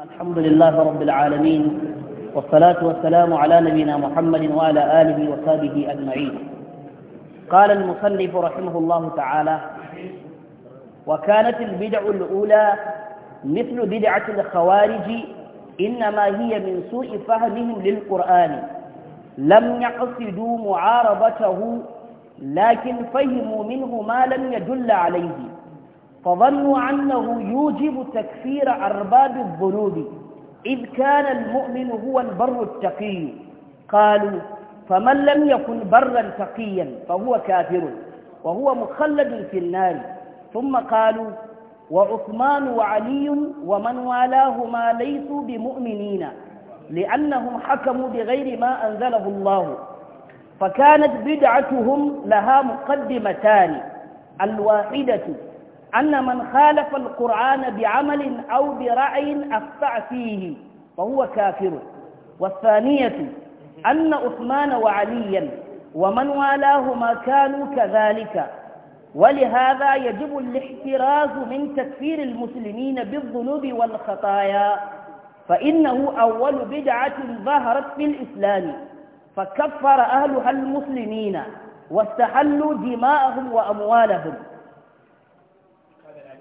الحمد لله رب العالمين والصلاة والسلام على نبينا محمد وعلى آله وصحبه أجمعين قال المصنف رحمه الله تعالى وكانت البدع الأولى مثل بدعة الخوارج إنما هي من سوء فهمهم للقرآن لم يقصدوا معارضته لكن فهموا منه ما لم يدل عليه فظنوا أنه يوجب تكفير أرباب الذنوب إذ كان المؤمن هو البر التقي قالوا فمن لم يكن برا تقيا فهو كافر وهو مخلد في النار ثم قالوا وعثمان وعلي ومن والاهما ليسوا بمؤمنين لأنهم حكموا بغير ما أنزله الله فكانت بدعتهم لها مقدمتان الواحدة أن من خالف القرآن بعمل أو برأي أفتع فيه فهو كافر والثانية أن عثمان وعليا ومن والاهما كانوا كذلك ولهذا يجب الاحتراز من تكفير المسلمين بالذنوب والخطايا فإنه أول بدعة ظهرت في الإسلام فكفر أهلها المسلمين واستحلوا دماءهم وأموالهم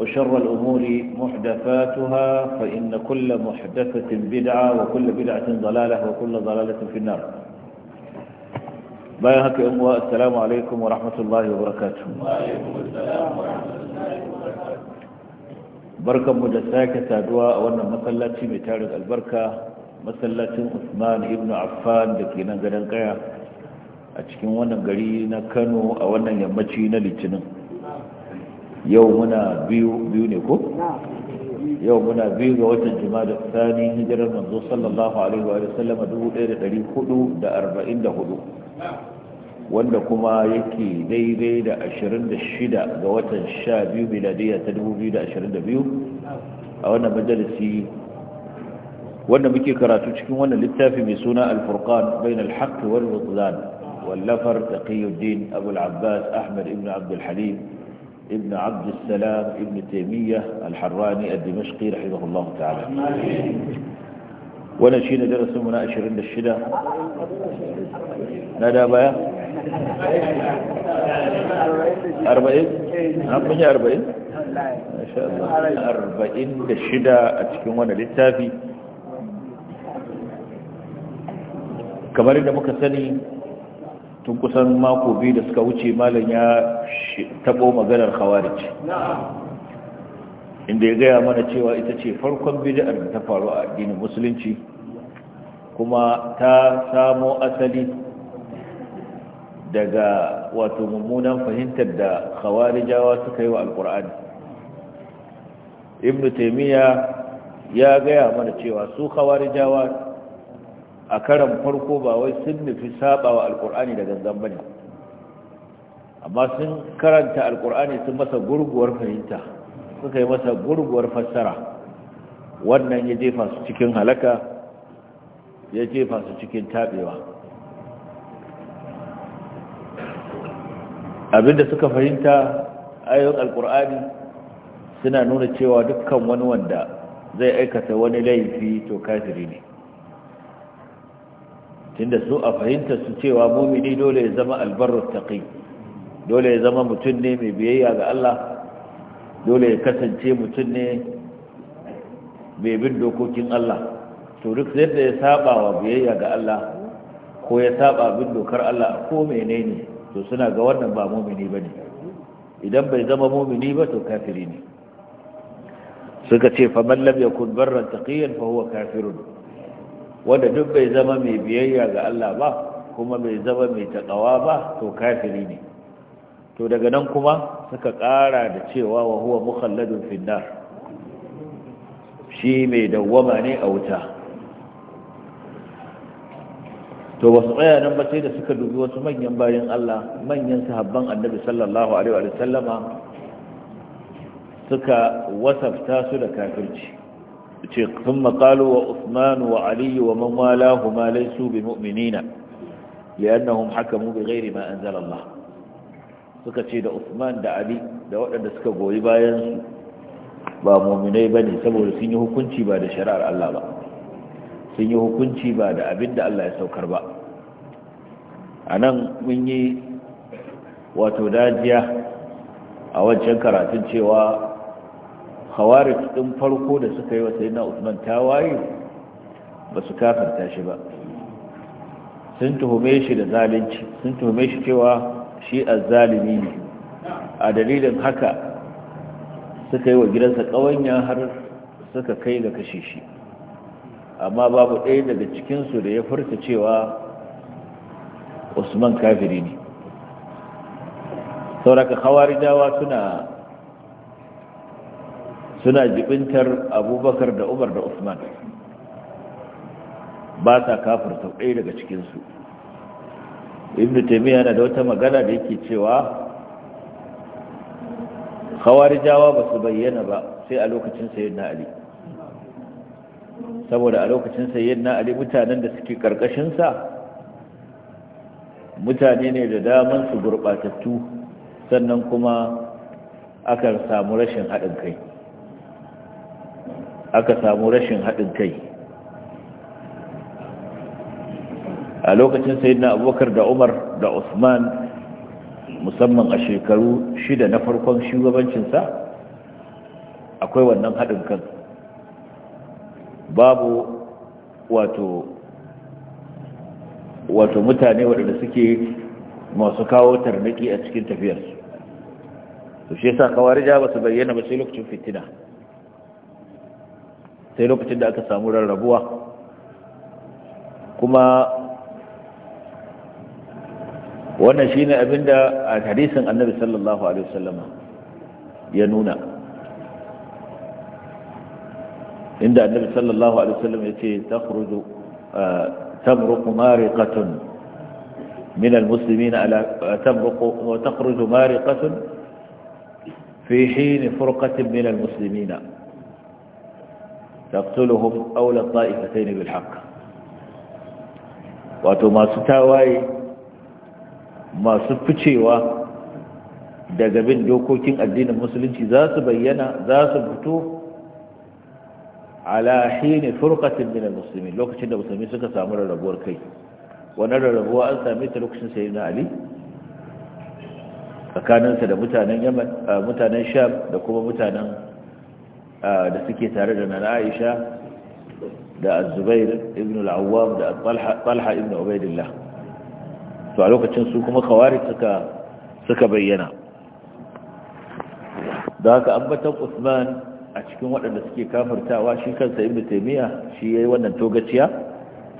وشر الأمور محدثاتها فإن كل محدثة بدعة وكل بدعة ضلالة وكل ضلالة في النار بايهك أموة السلام عليكم ورحمة الله وبركاته وعليكم السلام ورحمة الله وبركاته بركة مجساكة دواء وأن مسلاتي متارك البركة مسلاتي عثمان ابن عفان لكينا قدنقيا أتكين وانا قرينا كانوا أولا يمتينا لتنم yau muna biyu biyu ne ko yau muna biyu ga watan jima'a tsani hijirar manzo sallallahu alaihi wa sallam 1444 wanda kuma yake daidai da 26 ga watan 12 miladiya ta 2022 a wannan majalisi wanda muke karatu cikin wannan littafi mai suna al-furqan bain al-haqq wal-mudlan wallafar taqiyuddin abul abbas ahmad ibn abd al ابن عبد السلام ابن تيمية الحراني الدمشقي رحمه الله تعالى ونشينا درس مناقشة عند الشدة نادى بايا أربعين نعم من أربعين ما شاء الله أربعين للشدة أتكون للتافي كما رد مكسني tun kusan mako biyu da suka wuce malam ya taɓo maganar khawarij inda ya gaya mana cewa ita ce farkon bid'ar da ta faru a addinin musulunci kuma ta samo asali daga wato mummunan fahimtar da khawarijawa suka yi wa alkur'ani ibnu taymiya ya gaya mana cewa su khawarijawa a karan farko ba wai sun nufi saba wa alkur'ani da gangan bane amma sun karanta alkur'ani sun masa gurguwar fahimta suka yi masa gurguwar fassara wannan ya jefa su cikin halaka ya jefa su cikin tabewa abinda suka fahimta ayoyin alkur'ani suna nuna cewa dukkan wani wanda zai aikata wani laifi to kafiri ne tunda su a fahimta su cewa mumini dole ya zama albarrut taqi dole ya zama mutum ne mai biyayya ga Allah dole ya kasance mutum ne mai bin dokokin Allah to duk yadda ya saba wa biyayya ga Allah ko ya saba bin dokar Allah ko menene to suna ga wannan ba mumini bane idan bai zama mumini ba to kafiri ne suka ce fa faman lam yakun barran taqiyan fa huwa kafirun wanda duk bai zama mai biyayya ga Allah ba kuma bai zama mai taƙawa ba to kafiri ne to daga nan kuma suka ƙara da cewa wa huwa mukhalladun finnar shi mai dawwama ne a wuta to ba su tsaya nan ba sai da suka dubi wasu manyan bayan Allah manyan sahabban annabi sallallahu alaihi wa sallama suka wasafta su da kafirci ce sun maƙalu wa usman wa aliyu wa mamala huma laisu bi mu'minina li'annahum hakamu bi ghairi ma anzala Allah suka ce da usman da ali da waɗanda suka goyi bayan su ba mu'minai ne saboda sun yi hukunci ba da shari'ar Allah ba sun yi hukunci ba da abin da Allah ya saukar ba a nan mun yi wato dajiya a wancan karatun cewa khawarij din farko da suka yi wa sayyidina Usman waye ba su kafarta shi ba sun tuhume shi da zalunci sun tuhume shi cewa shi azzalimi ne a dalilin haka suka yi wa gidansa ƙawanya har suka kai ga kashe shi amma babu ɗaya daga cikinsu da ya furta cewa usman kafiri ne sauraka hawarijawa suna suna jibintar abubakar da umar da usman ba sa sau ɗaya daga cikinsu ibn taimiyya na da wata magana da yake cewa jawa ba su bayyana ba sai a lokacin sayin na saboda a lokacin sayin na ali mutanen da suke karkashinsa mutane ne da damar su gurɓatattu sannan kuma akan samu rashin haɗin kai aka samu rashin haɗin kai a lokacin na abubakar da umar da usman musamman a shekaru shida na farkon shugabancinsa akwai wannan haɗin kan babu wato wato mutane waɗanda suke masu kawo tarniki a cikin tafiyarsu to shi yasa kawarija ba su bayyana ba sai lokacin fitina sai lokacin da aka samu rarrabuwa kuma wannan shine abinda a hadisin annabi sallallahu alaihi wasallam ya nuna inda annabi sallallahu alaihi wasallam yace takhruju tamruqu mariqatun min almuslimin ala tamruqu wa takhruju mariqatun fi hin furqatin min almuslimina taqtuluhum awla ta'ifatayn bil wato masu tawaye masu ficewa daga bin dokokin addinin musulunci za su bayyana za su fito ala hini furqatin min al lokacin da musulmi suka samu rarrabuwar kai wannan rarrabuwa an same ta lokacin sayyidina ali tsakaninsa da mutanen yaman mutanen sham da kuma mutanen da suke tare da nana aisha da azubair ibn al'awwam da talha ibn ubaidillah to a lokacin su kuma kawari suka bayyana da haka ambatan usman a cikin waɗanda suke kafartawa shi kansa ibn taimiyya shi yayi wannan togaciya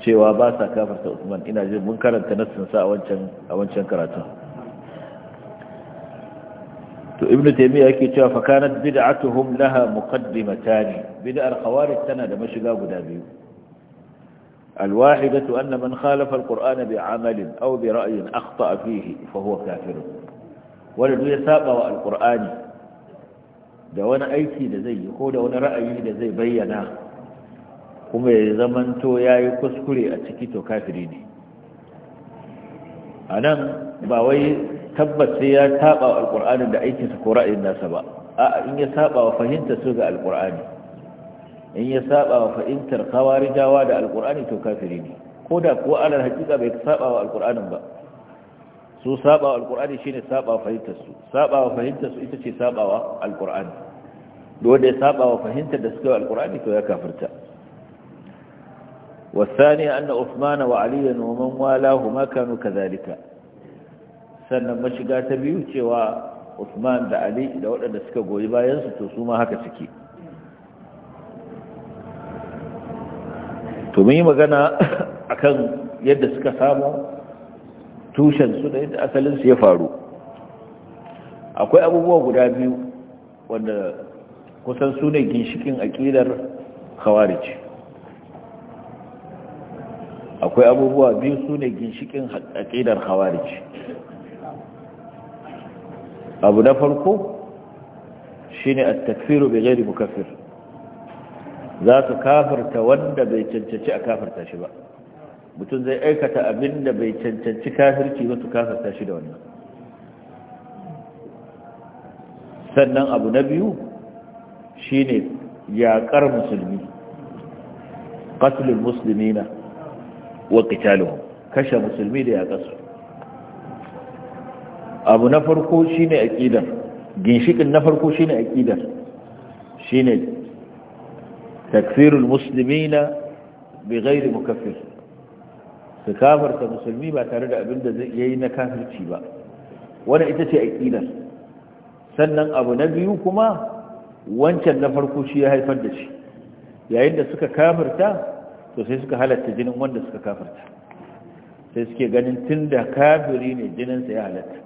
cewa ba sa kafarta usman ina jin mun karanta nassin sa a wancan a wancan karatun to ibn taymiya yake cewa fa kanat bid'atuhum laha muqaddimatan bid'ar khawarij tana da mashiga guda biyu الواحدة أن من خالف القرآن بعمل أو برأي أخطأ فيه فهو كافر ولد يساق القرآن da wani aiki da zai yi ko da wani ra'ayi da zai bayyana kuma ya zamanto ya yi kuskure a ciki to kafiri ne a nan ba wai Tabbas sai ya saba wa alqur'anin da aikinsa ko ra'ayin nasa ba a in ya saba wa fahimta su ga Alƙur'ani. in ya saba wa fahimtar khawarijawa da Alƙur'ani to kafiri ne ko da kuwa alal hakika bai saba wa alqur'anin ba su saba wa Alƙur'ani shine saba wa fahimtar su saba wa fahimtar su ita ce saba wa alqur'ani dole ya saba wa fahimtar da suka wa alqur'ani to ya kafirta والثاني أن عثمان وعليا ومن والاهما كانوا كذلك sannan mashiga ta biyu cewa Usman da Ali da waɗanda suka goyi bayansu to su ma haka suke to mun yi magana akan yadda suka samu tushensu da yadda asalinsu ya faru akwai abubuwa guda biyu wanda kusan su ne ginshikin aƙidar khawarij akwai abubuwa biyu su ne ginshikin aƙidar khawarij abu na farko shine at bai bi mu kafir. za su kafirta wanda bai cancanci a kafirta shi ba mutum zai aikata abin da bai cancanci kafirci ba su kafirta shi da wannan sannan abu na biyu shine yaƙar musulmi qatlul muslimina wa qitaluhum kashe musulmi da yaƙasu abu na farko shine aqidar ginshikin na farko shine aqidar shine taksirul muslimina bighairi mukaffir su kafarta musulmi ba tare da abin da yi na kafirci ba Wani ita ce aqidar sannan abu na biyu kuma wancan na farko shi ya haifar da shi yayin da suka kafarta, to sai suka halatta jinin wanda suka kafarta. sai suke ganin da kafiri ne jininsa ya halatta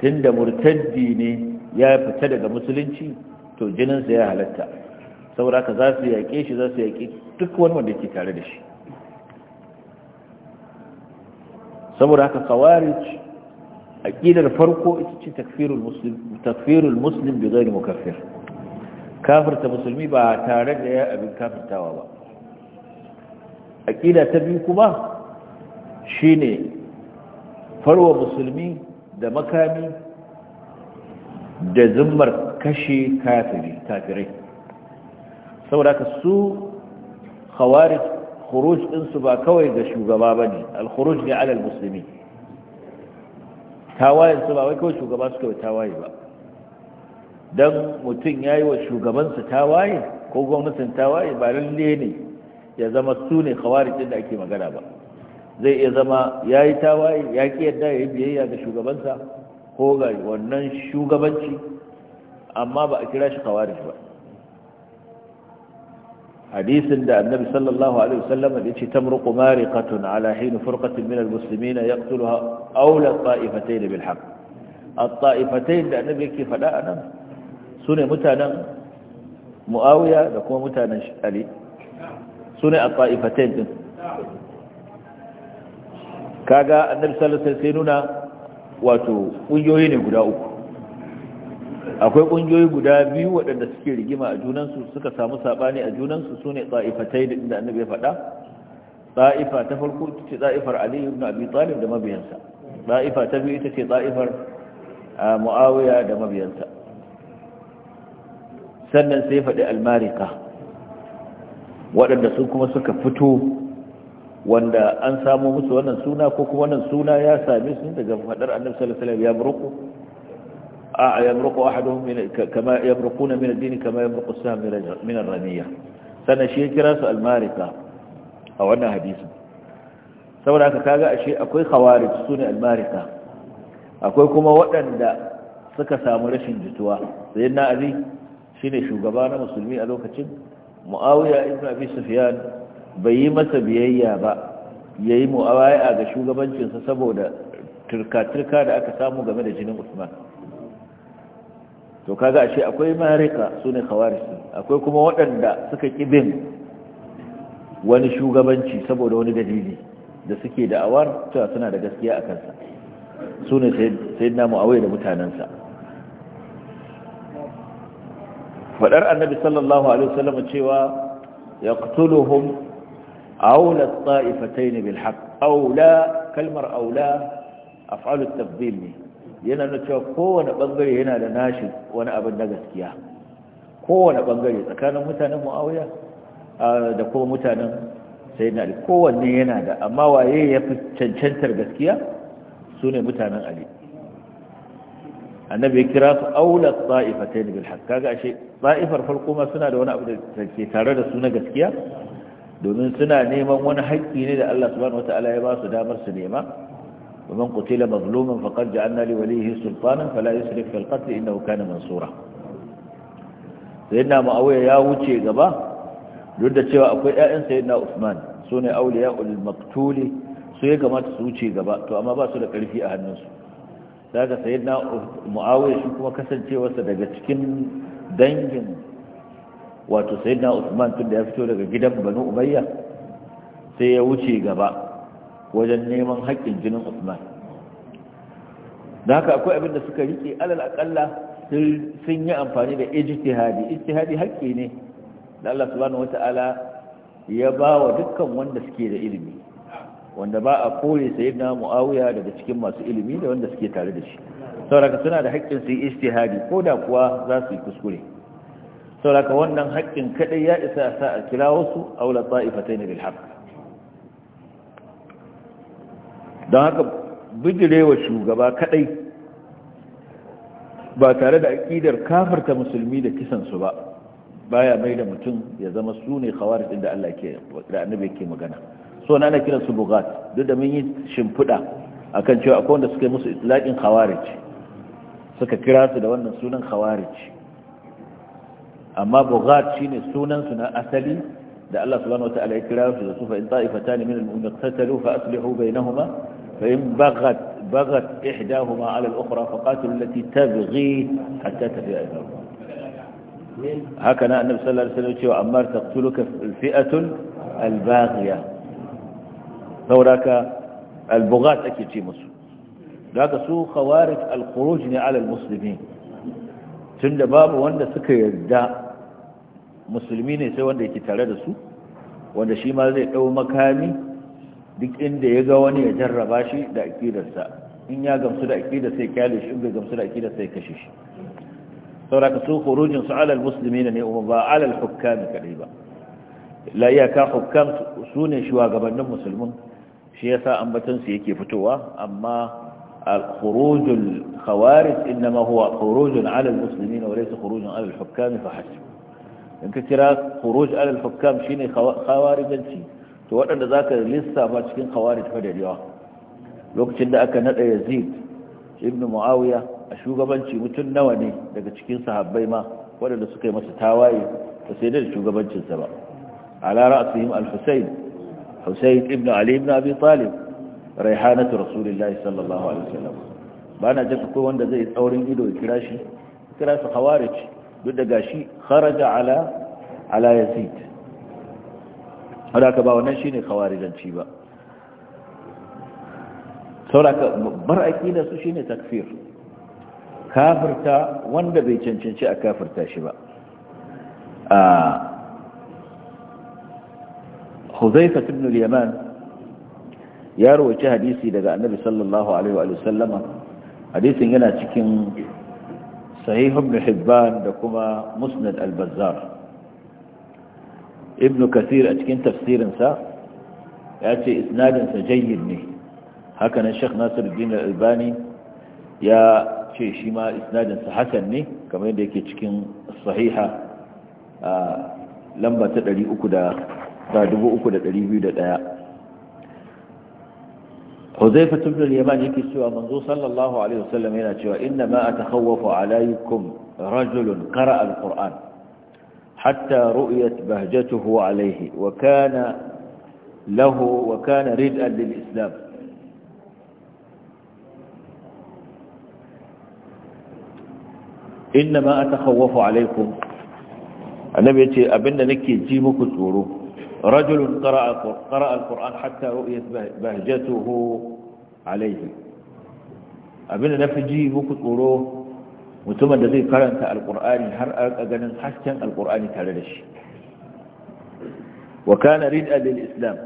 tunda murtaddi ne ya fita daga musulunci to jininsa ya halatta saboda ka za su yaƙe shi za su yaƙe duk wani wanda ke tare da shi saboda haka a aqidar farko ita ce takfirul musulun takfirul zai mukaffir kafirta musulmi ba tare da ya abin kafirtawa ba aqida ta biyu kuma shine farwa musulmi da makami da zimmar kashe kafirai saboda ka su khawarij khuruj ɗinsu ba kawai ga shugaba ba ne al-khuruj ne alal musulmi tawayensu ba wai kawai shugaba suka yi tawaye ba don mutum ya yi wa shugabansa tawaye ko gwamnatin tawaye ba lalle ne ya zama su ne khawarij ɗin da ake magana ba zai iya zama ya yi tawaye ya ki yadda ya yi biyayya ga shugabansa ko ga wannan shugabanci amma ba a kira shi kawarij ba hadisin da annabi sallallahu alaihi wasallam ya ce tamruqu mariqatun ala hin furqatin min almuslimin yaqtuluha awla ta'ifatayn bil haqq at-ta'ifatayn da annabi yake fada anan sune mutanen muawiya da kuma mutanen ali sune at-ta'ifatayn din kaga annabi sallallahu alaihi sai nuna wato kungiyoyi ne guda uku akwai kungiyoyi guda biyu waɗanda suke rigima a junansu suka samu sabani a junansu sune tsaifatai da inda annabi ya faɗa tsaifa ta farko ce tsaifar Ali ibn Abi Talib da mabiyansa tsaifa ta biyu ita ce tsaifar Muawiya da mabiyansa sannan sai faɗi almarika waɗanda su kuma suka fito wanda an samu musu wannan suna ko kuma wannan suna ya same su daga fadar annabi sallallahu alaihi wasallam ya burku a yamruqu ahaduhum min kama yamruquna min ad-din kama yamruqu as-sam min ar-ramiyah sana shi kira su al-marika a wannan hadisi saboda haka kaga ashe akwai khawarij sune al-marika akwai kuma waɗanda suka samu rashin jituwa sayyidina ali shine shugaba na musulmi a lokacin muawiya ibn abi sufyan bai yi masa biyayya ba ya yi mu'awaya ga shugabancinsa saboda turka-turka da aka samu game da jinin usman to kaga ashe akwai marika su ne kawarisi akwai kuma waɗanda suka ƙibin wani shugabanci saboda wani dalili da suke da awar cewa suna da gaskiya a kansa su ne sai na mu'awai da mutanensa faɗar annabi sallallahu alaihi wasallam cewa ya ƙutuluhun أولى الطائفتين بالحق أولى كلمة أولى أفعال التفضيل ne yana na cewa kowane bangare yana da nashi wani abin na gaskiya kowane bangare tsakanin mutanen mu'awiya da kuma mutanen sayyidina ali kowanne yana da amma waye ya fi cancantar gaskiya su ne mutanen ali annabi ya kira su aula ta'ifatain bil haqq kaga ashe ta'ifar farko ma suna da wani abu da ke tare da su na gaskiya domin suna neman wani haƙƙi ne da Allah subhanahu wata'ala ya ba su damar su nema ومن قتل مظلوما فقد جعلنا لوليه سلطانا فلا يسرف في القتل انه كان منصورا sayyidina muawiya ya wuce gaba duk da cewa akwai ƴaƴan sayyidina usman sune awliyaul maqtuli su ya kamata su wuce gaba to amma ba su da ƙarfi a hannunsu daga sayyidina muawiya shi kuma kasancewarsa daga cikin dangin wato sayyidina Usman tun da ya fito daga gidan Banu Umayya sai ya wuce gaba wajen neman haƙƙin jinin Usman da haka akwai abin da suka riƙe alal aƙalla sun yi amfani da ijtihadi ijtihadi haƙƙi ne da Allah subhanahu wata'ala ya ba wa dukkan wanda suke da ilimi wanda ba a kore sayyidina Muawiya daga cikin masu ilimi da wanda suke tare da shi saboda suna da haƙƙin su yi ijtihadi ko da kuwa za su yi kuskure sauraka wannan haƙƙin kaɗai ya isa sa a kira wasu wula tsa’ifatai na bilhaq don haka bijirewa shugaba kaɗai ba tare da aƙidar kafarta musulmi da kisansu ba baya mai da mutum ya zama su ne kawar da Allah ke da annabi ke magana so na ana kiran su bugat duk da mun yi shimfiɗa akan cewa akwai wanda suka yi musu itlaqin kawarici suka kira su da wannan sunan kawarici amma bughat shine sunan suna asali da Allah subhanahu wa ta'ala ya kira su da sufa in ta'ifatan min al-mu'minin fa aslihu bainahuma fa in baghat baghat ihdahuma 'ala al-ukhra fa qatilu allati tabghi hatta tafi'a ila هكذا النبي صلى الله عليه وسلم يقول عمار تقتلك الفئة الباغية فوراك البغاة أكيد في مصر ذاك سوء خوارج الخروج على المسلمين tunda babu wanda suka yarda musulmi ne sai wanda yake tare da su wanda shi ma zai ɗau makami duk inda ya ga wani ya jarraba shi da aƙidarsa in ya gamsu da aƙidar sai kyale shi in bai gamsu da aƙidar sai kashe shi sauraka su khurujin su alal musulmi ne umma ba alal hukkami kadai ba la ka hukkam su ne shugabannin musulmin shi yasa ambatansu su yake fitowa amma خروج الخوارج إنما هو خروج على المسلمين وليس خروج على الحكام فحسب in ka kira khuruj alal hukam shine khawarijanci to waɗanda zaka lissafa cikin khawarij fa da yawa lokacin da aka nada Yazid ibn Muawiya a shugabanci mutum nawa ne daga cikin sahabbai ma waɗanda suka yi masa tawaye ba sai da shugabancin ba ala ra'sihim al-Husayn Husayn ibn Ali ibn Abi raihanatu rasulullahi sallallahu alaihi wasallam ba na jin akwai wanda zai tsaurin ido ya kira shi kira su khawarij duk da gashi kharaja ala ala yazid haka ba wannan shine khawarijanci ba sauraka bar aqida su shine takfir kafirta wanda bai cancanci a kafirta shi ba a ah, Huzaifa ibn al-Yaman ya rawaci hadisi daga annabi sallallahu alaihi wa sallama hadisin yana cikin sahih ibn da kuma musnad al-bazzar ibn kathir a cikin tafsirinsa ya ce isnadinsa jayyid ne haka nan sheikh nasiruddin al-albani ya ce shi ma isnadinsa hasan ne kamar yadda yake cikin sahiha a lamba ta 300 da 3201 حذيفة بن اليمان يكي سوى منذ صلى الله عليه وسلم هنا تشوى إنما أتخوف عليكم رجل قرأ القرآن حتى رؤيت بهجته عليه وكان له وكان ردءا للإسلام إنما أتخوف عليكم النبي يقول أبن نكي جيمك تورو رجل قرأ قرأ القرآن حتى رؤيت بهجته عليه أبنى نفجي وكتقوله وثم الذي قرأت القرآن حرأت أغنى حتى القرآن تعلش وكان ردء للإسلام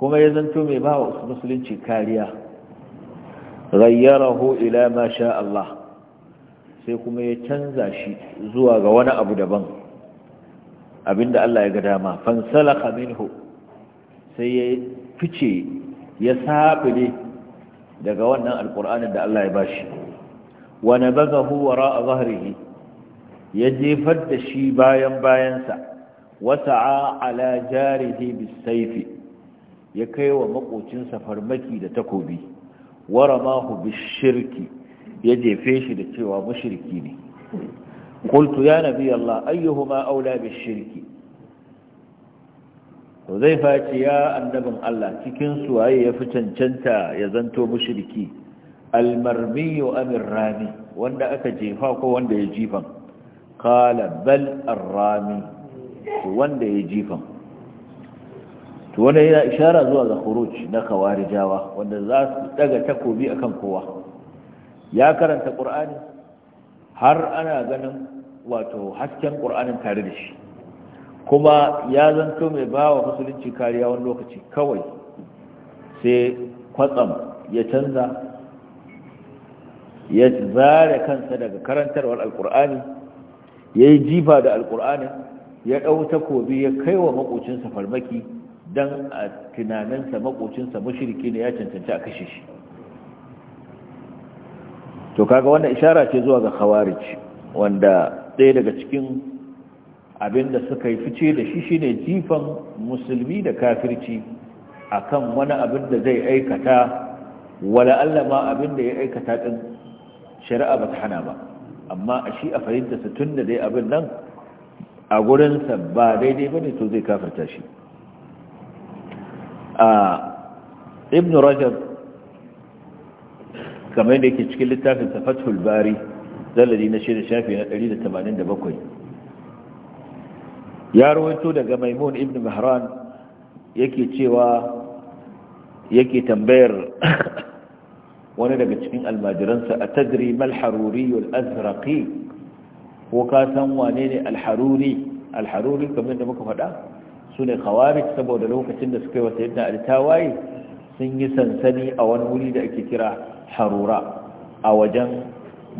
كما يزنتم ما هو مسلم شكاليا غيره إلى ما شاء الله سيكم يتنزى شيء زواغ وانا أبو دبنك abinda Allah ya ga dama Fansala kaminhu sai ya fice ya sabile daga wannan alkur'anin da Allah ya bashi wa nabagahu wara'a zahrihi ya jefar da shi bayan bayansa wasa'a ala jarihi bisaifi ya kai wa makocinsa farmaki da takobi waramahu bishirki ya jefe shi da cewa mushriki ne qultu ya nabi'allah Allah ma aula bi shirki to zai face ya annabin Allah cikin suwaye waye ya fi cancanta ya zanto mushriki almarmiyu amir rami wanda aka jefa ko wanda ya jifan qala bal arrami wanda ya jifan to wanda yana ishara zuwa ga na na khawarijawa wanda za su daga takobi akan kowa ya karanta qur'ani har ana ganin wato hasken ƙur'anin tare da shi kuma ya zanto mai ba wa musulunci kariya wani lokaci kawai sai kwatsam ya canza ya zare kansa daga karantarwar alƙur'ani ya yi jifa da alkur'ani ya ɗau takobi ya kai wa maƙocinsa farmaki don a tunaninsa maƙocinsa mashirki ne ya cancanci a kashe shi to kaga wannan ishara ce zuwa ga khawarij wanda ɗaya daga cikin abinda suka yi fice da shi shi ne jifan musulmi da kafirci kan wani abin da zai aikata wala Allah ma abin da ya aikata ɗin shari'a ba ta hana ba amma a shi a fahimta su tun da dai abin nan a gurinsa ba daidai ba ne to zai kafirta shi a ibn rajab kamar yadda yake cikin littafin fathul bari zalari na shirin shafi na 187 ya rawaito daga maimun ibn mahran yake cewa yake tambayar wani daga cikin almajiransa a tadri wal azraqi ko ka san wane ne alharuri alharuri kamar da muka faɗa su ne khawarij saboda lokacin da suka yi wata yadda altawaye sun yi sansani a wani wuri da ake kira harura a wajen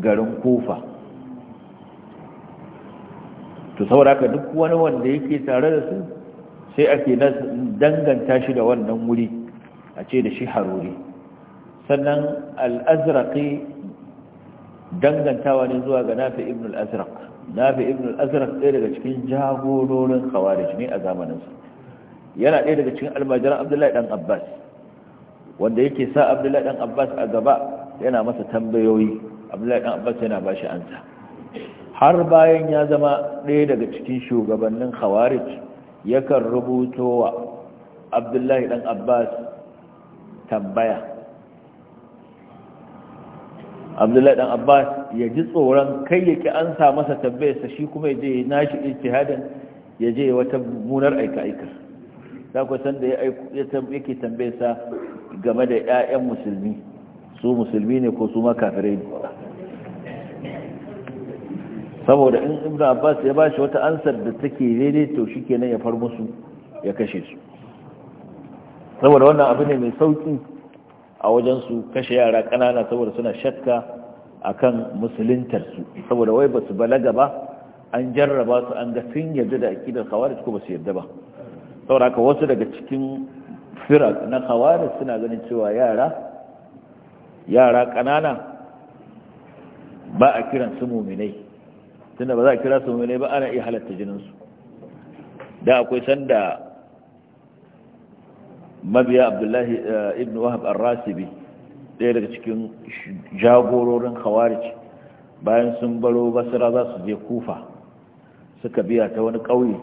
garin kofa. to saboda haka duk wani wanda yake tare da su sai ake danganta shi da wannan wuri a ce da shi haruri sannan al'azraƙi dangantawa ne zuwa ga nafi ibn al'azraƙ nafi ibn al'azraƙ ɗaya daga cikin jagororin khawarij ne a zamaninsu yana ɗaya daga cikin almajiran abdullahi ɗan abbas wanda yake sa abdullahi ɗan abbas a gaba yana masa tambayoyi abdullahi dan abbas yana ba shi ansa har bayan ya zama ɗaya daga cikin shugabannin khawarij yakan rubuto wa abdullahi dan abbas tambaya abdullahi dan abbas ya ji tsoron kai yake an sa masa tambayarsa shi kuma ya je nashi ijtihadin ya je wata munar aika aika za ku san da yake tambayarsa game da 'ya'yan musulmi su musulmi ne ko su ma kafirai ne saboda in ibn abbas ya bashi wata ansar da take daidai to kenan ya far musu ya kashe su saboda wannan abu ne mai sauki a wajen su kashe yara kanana saboda suna shakka akan musuluntar su saboda wai basu balaga ba an jarraba su an ga sun yarda da aqidar khawarij ko basu yarda ba saboda haka wasu daga cikin firak na khawarij suna ganin cewa yara yara ƙanana ba a kiran su muminai tunda ba za a kira su muminai ba ana iya halatta jininsu da akwai sanda mabiya abdullahi eh, ibn wahab ar-rasibi ɗaya daga cikin jagororin khawarij bayan sun baro basira za su je kufa suka biya ta wani ƙauye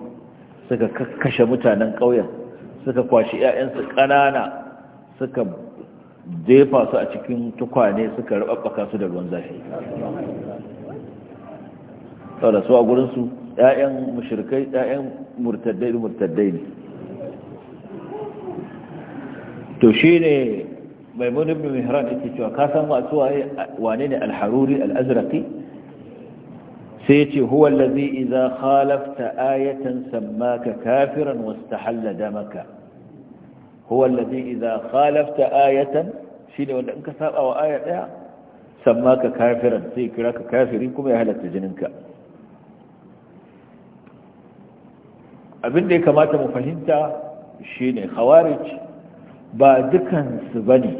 suka kashe mutanen ƙauyen suka kwashi 'ya'yansu ƙanana suka jefa su a cikin tukwane suka rababbaka su da ruwan zafi saboda su a gurinsu ‘ya'yan mashirkai ‘ya'yan murtaddai murtaddai ne to shi ne mai munin mihran ita cewa ka san masu wane ne alharuri al'azraki sai ce huwa lazi iza halafta ayatan sammaka kafiran wasu ta hallada maka huwa allazi idza khalafta ayatan shine wanda in ka saba wa aya daya sammaka kafiran sai kira ka kafiri kuma ya halatta jininka abin da ya kamata mu fahimta shine khawarij ba dukansu bane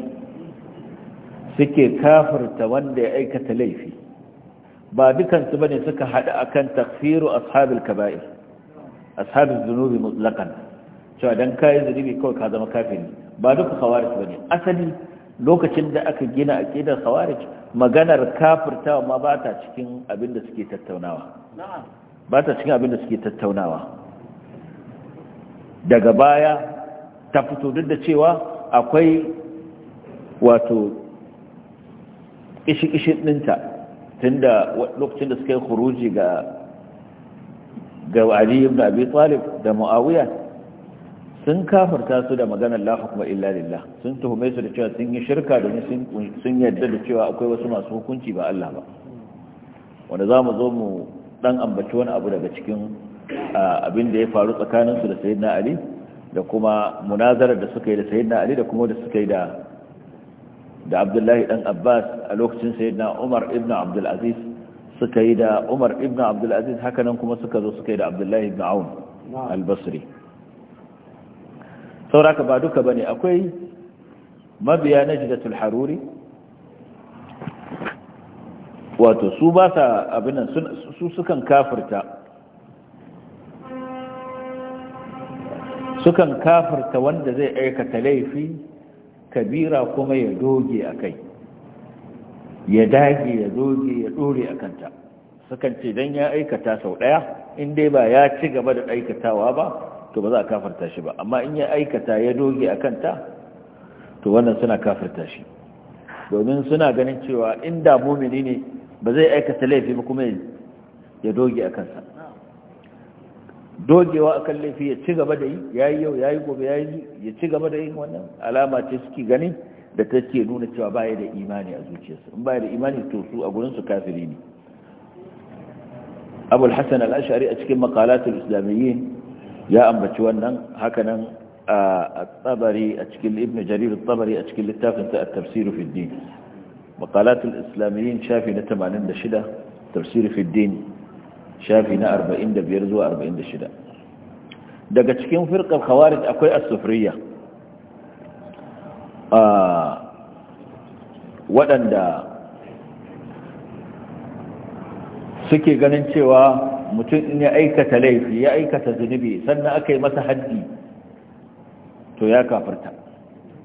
suke kafirta wanda ya aikata laifi ba dukansu bane suka hada akan takfiru ashabil kaba'ir ashabil zunubi mutlaqan cewa don kayi zunubi kawai ka zama kafini. ba duka khawarij ne. asali lokacin da aka gina a ƙidar khawarij maganar kafirtawa ma ba ta cikin abin da suke tattaunawa ba ta cikin abin da suke tattaunawa daga baya ta fito duk da cewa akwai wato ishi ishi ɗinta tunda lokacin da suka yi kuruji ga ga Ali da Abi Talib da Muawiya sun kafarta su da maganar la hukuma illa lillah sun tuhume su da cewa sun yi shirka domin sun yadda da cewa akwai wasu masu hukunci ba Allah ba wanda za mu zo mu dan ambaci wani abu daga cikin abin da ya faru tsakaninsu da sayyidina Ali da kuma munazarar da suka yi da sayyidina Ali da kuma da suka yi da da Abdullahi dan Abbas a lokacin sayyidina Umar ibn Abdul Aziz suka yi da Umar ibn Abdul Aziz hakanan kuma suka zo suka yi da Abdullahi ibn Aun al-Basri sauraka ba duka bane akwai mabiya na jidatul haruri wato su ba sa abinan su sukan kafirta sukan kafirta wanda zai aikata laifi kabira kuma ya doge a kai ya dage ya doge ya dore a kanta sukan ce don ya aikata sau ɗaya in dai ba ya ci gaba da aikatawa ba to ba za a kafarta shi ba amma in ya aikata ya doge a kanta to wannan suna kafarta shi domin suna ganin cewa inda mumini ne ba zai aikata laifi ba kuma ya doge a kansa dogewa akan laifi ya ci gaba da yi ya yi yau ya yi gobe ya yi ya ci gaba da yin wannan alama ce suke gani da ta ce nuna cewa baya da imani a zuciyarsa in baya da imani to su a su kafiri ne abul al al'ashari a cikin makalatul islamiyyin ya ambaci wannan hakanan a tsabari a cikin ibn jarir tsabari a cikin littafin ta tafsiru fi din maqalatul islamiyyin shafi na 86 tafsiru fi din shafi na 45 zuwa 46 daga cikin firqar khawarij akwai asufuriya. sufriyya waɗanda suke ganin cewa mutum in ya aikata laifi ya aikata zunubi sannan aka yi masa haddi to ya kafarta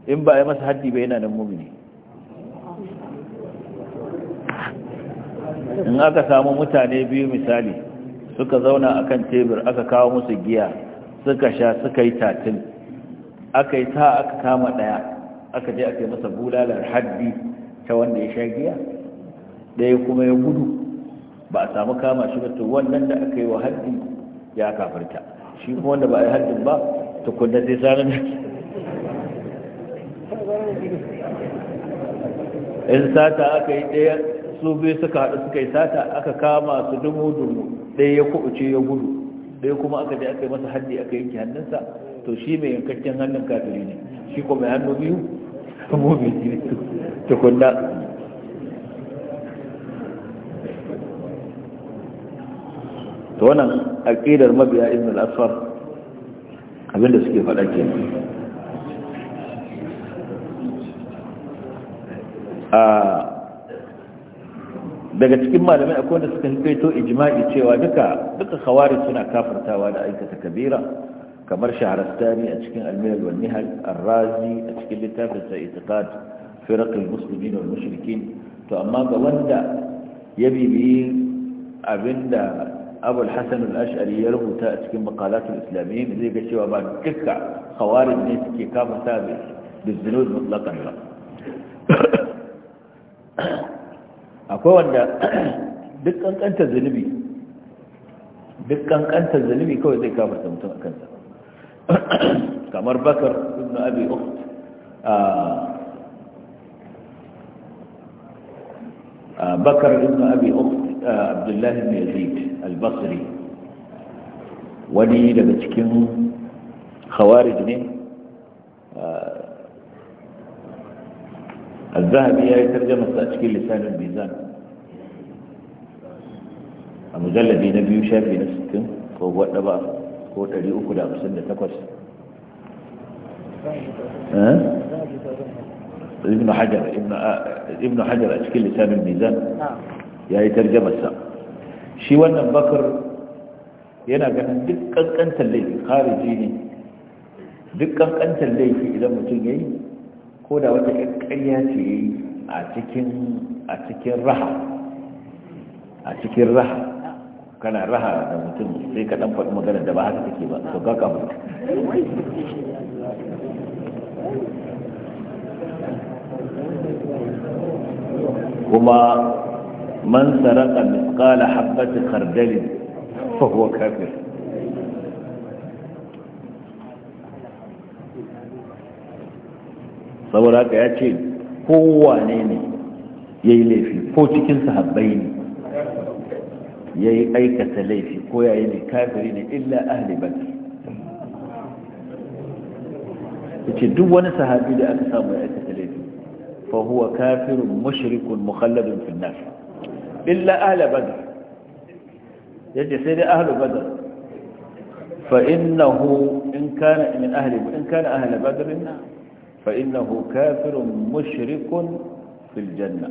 in ba a yi masa haddi ba yana nan mumini in aka samu mutane biyu misali suka zauna akan tebur aka kawo musu giya suka sha suka yi tatin aka yi ta aka kama daya aka je aka yi masa bulalar haddi ta wanda ya sha giya ɗaya kuma ya gudu ba a samu kama shi ba to wannan da aka yi wa haddi ya kafarta shi kuma wanda ba a yi haddin ba zai sa nan in sata aka yi ɗaya su bai suka haɗu suka yi sata aka kama su dumu dumu ɗaya ya kuɓuce ya gudu ɗaya kuma aka je aka yi masa haddi aka yanke hannunsa to shi mai yankakken hannun kafiri ne shi kuma mai hannu biyu kuma mai jini to wannan aqidar mabiya ibn al abinda suke faɗa ke a daga cikin malamai akwai wanda suka hikaito ijima'i cewa duka duka khawarij suna kafartawa da aikata kabira kamar shaharastani a cikin almilal wal nihal arrazi a cikin littafin sa itiqad firaq al muslimin wal to amma ga wanda ya bibi abinda abul hasan al-ash'ari ya rubuta a cikin maqalatul islamiyyin zai ga cewa ba dukka khawarij ne suke kafa sabi da zunub mutlaqan ba akwai wanda duk kankantar zunubi duk kankantar zunubi kawai zai kafa mutum a kansa kamar bakar ibn abi ukht bakar ibn abi ukht عبد الله بن يزيد البصري ولي لما تكون خوارج من آه، الذهبي هي ترجمة تشكيل لسان الميزان المجلد بين أبي يشاف بنفسك فهو أدبا هو تلي أكل أبو سنة تقوس ابن حجر آه، ابن حجر أشكيل لسان الميزان نعم. ya yi tarjamarsa shi wannan bakar yana ganin duk kankantar laifi khariji ne duk ƙanƙantar laifi idan mutum ya yi ko da wata ƙarya ce ya yi a cikin raha a cikin raha kana raha da mutum sai ka ɗan faɗi magana da ba haka take ba to ka mutu kuma man saraka misqala habbati khardalin fa huwa kafir saboda haka ya ce kowane ne ya yi laifi ko cikin sahabbai ne ya yi aikata laifi ko ya yi ne kafiri ne illa ahli badr ya ce duk wani sahabi da aka samu ya aikata laifi fa huwa kafirun mushrikun mukhalladun fil nar إلا أهل بدر يجي سيدي أهل بدر فإنه إن كان من أهل إن كان أهل بدر فإنه كافر مشرك في الجنة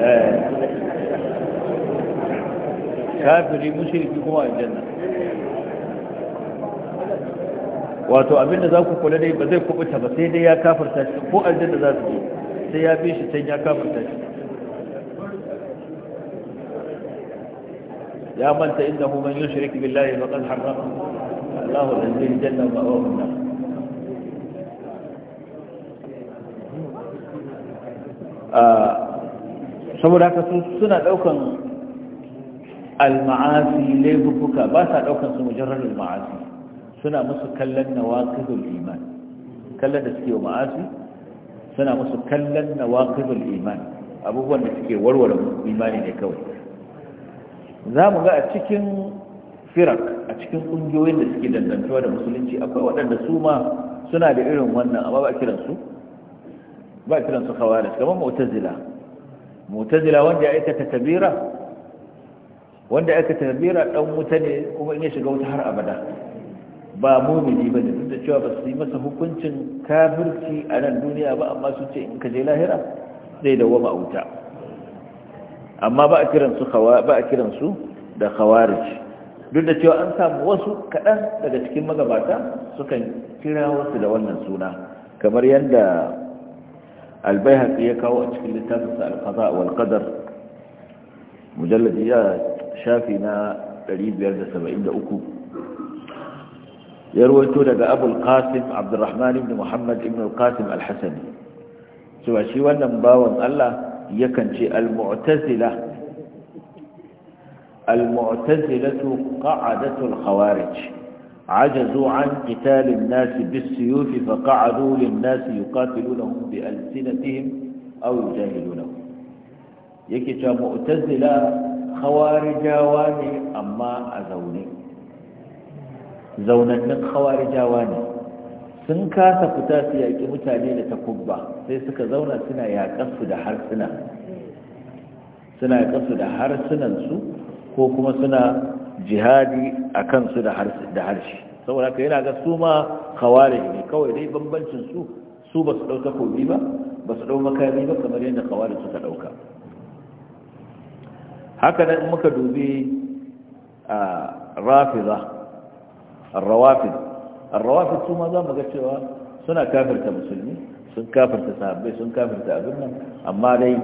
آه. كافر مشرك في الجنة wato abinda za ku kula dai ba zai kubuta ba sai dai ya kafarta shi ko aljanna za su yi sai ya bi shi sai ya kafarta shi ya manta inda innahu man yushrik billahi faqad harra Allahu al janna jalla wa ala saboda haka suna daukan al-ma'asi laifuka ba sa daukan su mujarrar al-ma'asi suna musu kallon nawaqidul iman kallon da suke wa ma'asi suna musu kallon nawaqidul iman abubuwan da suke warware imani ne kawai za mu ga a cikin firak a cikin ƙungiyoyin da suke dangantuwa da musulunci akwai waɗanda su ma suna da irin wannan amma ba a kiransu ba a kiransu khawarij kamar mu'tazila mu'tazila wanda ya aikata kabira wanda ya aikata kabira dan wuta ne kuma in ya shiga wuta har abada ba mumini ba da duk cewa ba su yi masa hukuncin kafirci a nan duniya ba amma su ce in ka je lahira zai dawwama a wuta amma ba a kiransu ba a su da khawarij duk da cewa an samu wasu kaɗan daga cikin magabata sukan kira wasu da wannan suna kamar yadda albayhaqi ya kawo a cikin littafinsa al-qada wal qadar mujalladi ya shafi na 573 يرويت لقى أبو القاسم عبد الرحمن بن محمد بن القاسم الحسني سوى شي وانا مباوم الله يكن شي المعتزلة المعتزلة قعدة الخوارج عجزوا عن قتال الناس بالسيوف فقعدوا للناس يقاتلونهم بألسنتهم أو يجاهلونهم يكي شا معتزلة خوارجا واني أما أزوني zaunannin khawarijawa ne sun kasa fita su yaƙi mutane da takubba sai suka zauna suna yaƙansu da harsuna suna yaƙansu da harsunansu ko kuma suna jihadi a kansu da harshe saboda ka yana ga su ma khawarij ne kawai dai bambancin su su ba su ɗauka kobi ba ba su ɗau makami ba kamar yadda khawarij suka ɗauka haka nan muka dubi a ah, rafiza الروافد الروافد su ma za mu ga cewa suna kafirta musulmi sun kafirta sahabbai sun kafirta abin nan amma dai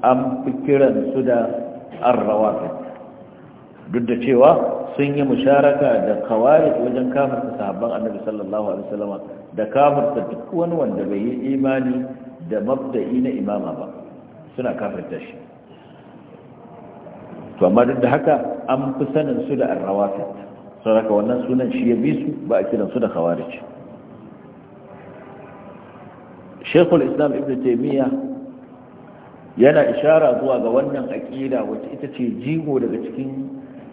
an fi kiran su da arrawafid duk da cewa sun yi musharaka da khawarij wajen kafirta sahabban annabi sallallahu alaihi wasallam da kafirta duk wani wanda bai yi imani da mabda'i na imama ba suna kafirta shi to amma duk da haka an fi sanin su da arrawafid sauraka wannan sunan shi ya bi su ba a kiransu da khawarij shekul islam ibn taimiyya yana ishara zuwa ga wannan aƙida wacce ita ce jigo daga cikin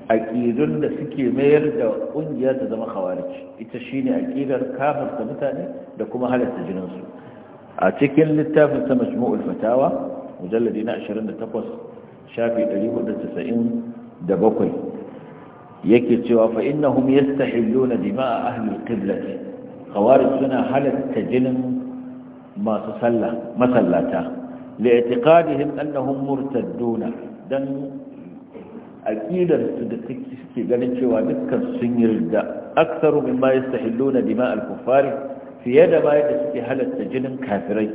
aƙidun da suke mayar da ƙungiyar ta zama khawarij ita shine aƙidar kafarta mutane da kuma halatta jininsu a cikin littafin sa majmu'ul fatawa mujalladi na 28 shafi 497 yake cewa fa innahum yastahilluna dima'a ahli al-qiblati khawarij suna halatta jinin masu sallah masallata li'tiqadihim annahum murtadduna dan aqidar su da suke ganin cewa dukkan sun yarda aktsaru mimma yastahilluna dima'a al-kuffar fiye da ma yadda suke halatta jinin kafirai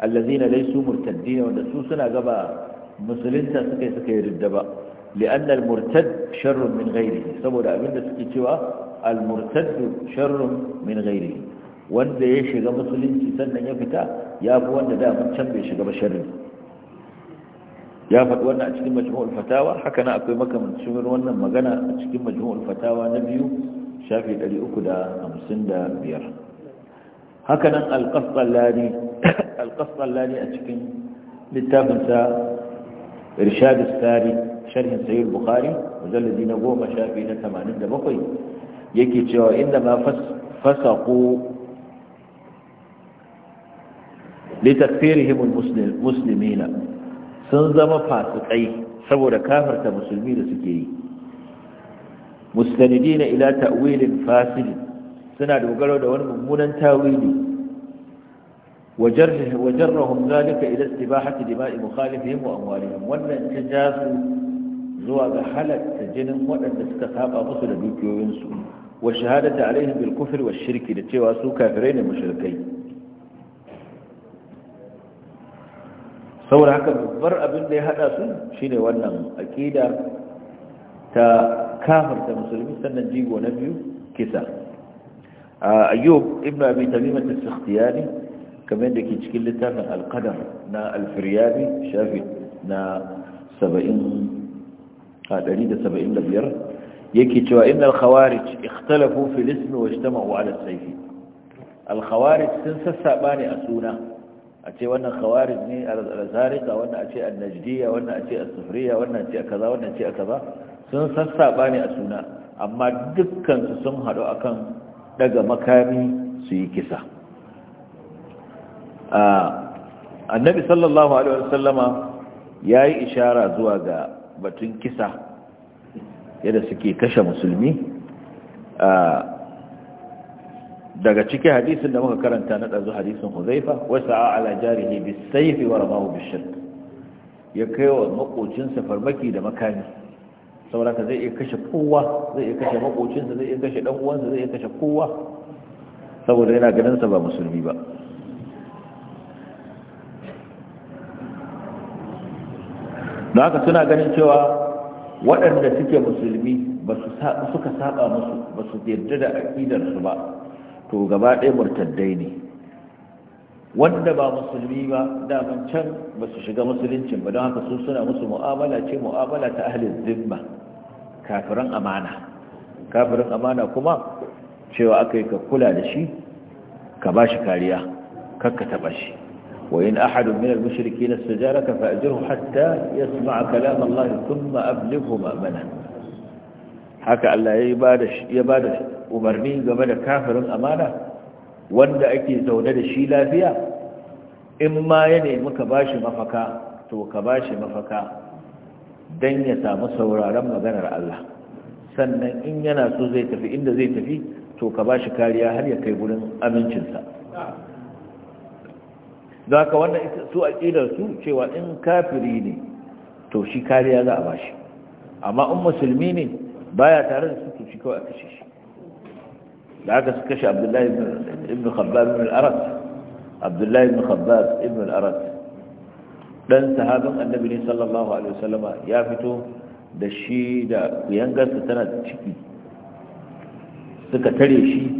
allazina laysu murtaddina wanda su suna gaba musulunta suka suka yarda ba لأن المرتد شر من غيره سبب أبن سكتوا المرتد شر من غيره wanda ya shiga musulunci sannan ya fita ya fi wanda da mun can bai shiga ba sharri ya faɗi wannan a cikin majmu'ul fatawa haka na akwai makamancin wannan magana a cikin majmu'ul fatawa na biyu shafi 355 haka nan alƙasallani alƙasallani a cikin littafinsa irshadus tarihi sharhin sahih bukhari mujalladi na goma shafi na 87 yake cewa inda ma fasaqu litakfirihim almuslimina sun zama fasikai saboda kafarta musulmi da suke yi na ila ta'wilin fasid suna dogaro da wani mummunan tawili wajarrahum zalika ila istibahati dima'i mukhalifihim wa amwalihim wannan ta jasu zuwa ga halatta jinin waɗanda suka saba musu da dukiyoyinsu wa shahadata alaihim bil kufri wa shirki da cewa su kafirai ne mushrikai saboda haka babbar abin da ya hada su shine wannan aqida ta kafirta musulmi sannan jigo na biyu kisa ayyub ibnu abi tamimah as-sakhtiyani kamar da ke cikin littafin al-qadar na al-firyani shafi na 70 a 175 yake cewa innal khawarij ikhtalafu fil ismi ijtama'u ala as-sayf al khawarij sun sassaba ne a suna a ce wannan khawarij ne al-zarika wannan a ce an-najdiya wannan a ce as-sufriya wannan a ce kaza wannan a ce kaza sun sassaba ne a suna amma dukkan su sun hadu akan daga makami su yi kisa annabi sallallahu alaihi wasallama yayi ishara zuwa ga batun kisa yadda suke kashe musulmi daga cikin hadisin da muka karanta na ɗazu hadisin huzaifa wasu a alajari ne bi saifi wa ramahu bishir ya kai wa makocinsa farmaki da makami sauraka zai iya kashe kowa zai iya kashe makocinsa zai iya kashe ɗan'uwansa zai iya kashe kowa saboda yana ganinsa ba musulmi ba don haka suna ganin cewa waɗanda suke musulmi ba su suka saba musu ba su yarda da aƙidarsu ba to gaba ɗaya murtaddai ne wanda ba musulmi ba daman can ba su shiga musuluncin ba don haka su suna musu mu'amala ce mu'amala ta ahalin zimma kafiran amana kafirin amana kuma cewa aka yi ka kula da shi ka ba shi kariya kakka taɓa shi وإن أحد من المشركين استجارك فأجره حتى يسمع كلام الله ثم أبلغه مأمنه haka Allah ya ba da umarni game da kafarin amana wanda ake zaune da shi lafiya in ma ya nemi ka bashi mafaka to ka bashi mafaka don ya samu sauraron maganar Allah sannan in yana so zai tafi inda zai tafi to ka bashi kariya har ya kai wurin amincinsa za ka wannan su a su cewa in kafiri ne to shi kariya za a bashi amma in musulmi ne baya tare da su to kawai a kashe shi da aka su kashe abdullahi ibn khabbab ibn al-arat abdullahi ibn khabbab ibn al-arat dan sahabin annabi ne sallallahu alaihi wasallama ya fito da shi da kuyangarsa tana ciki suka tare shi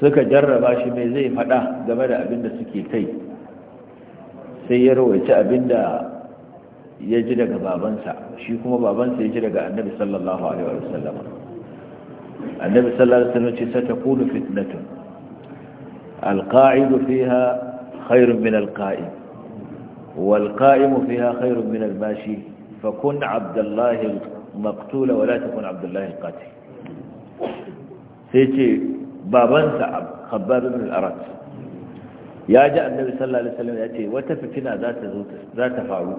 suka jarraba shi mai zai faɗa game da abin da suke kai sai ya rawaice abinda ya ji daga babansa shi kuma babansa ya ji daga annabi sallallahu alaihi wa sallama annabi sallallahu alaihi wasallam ce satakunu fitnatun alqa'idu fiha khairun min alqa'im والقائم فيها خير من الماشي فكن عبد الله المقتول ولا تكن عبد الله القاتل سيتي babansa khabbab ibn al-arat ya ji annabi sallallahu alaihi wasallam ya ce wata fitina za ta zo za ta faru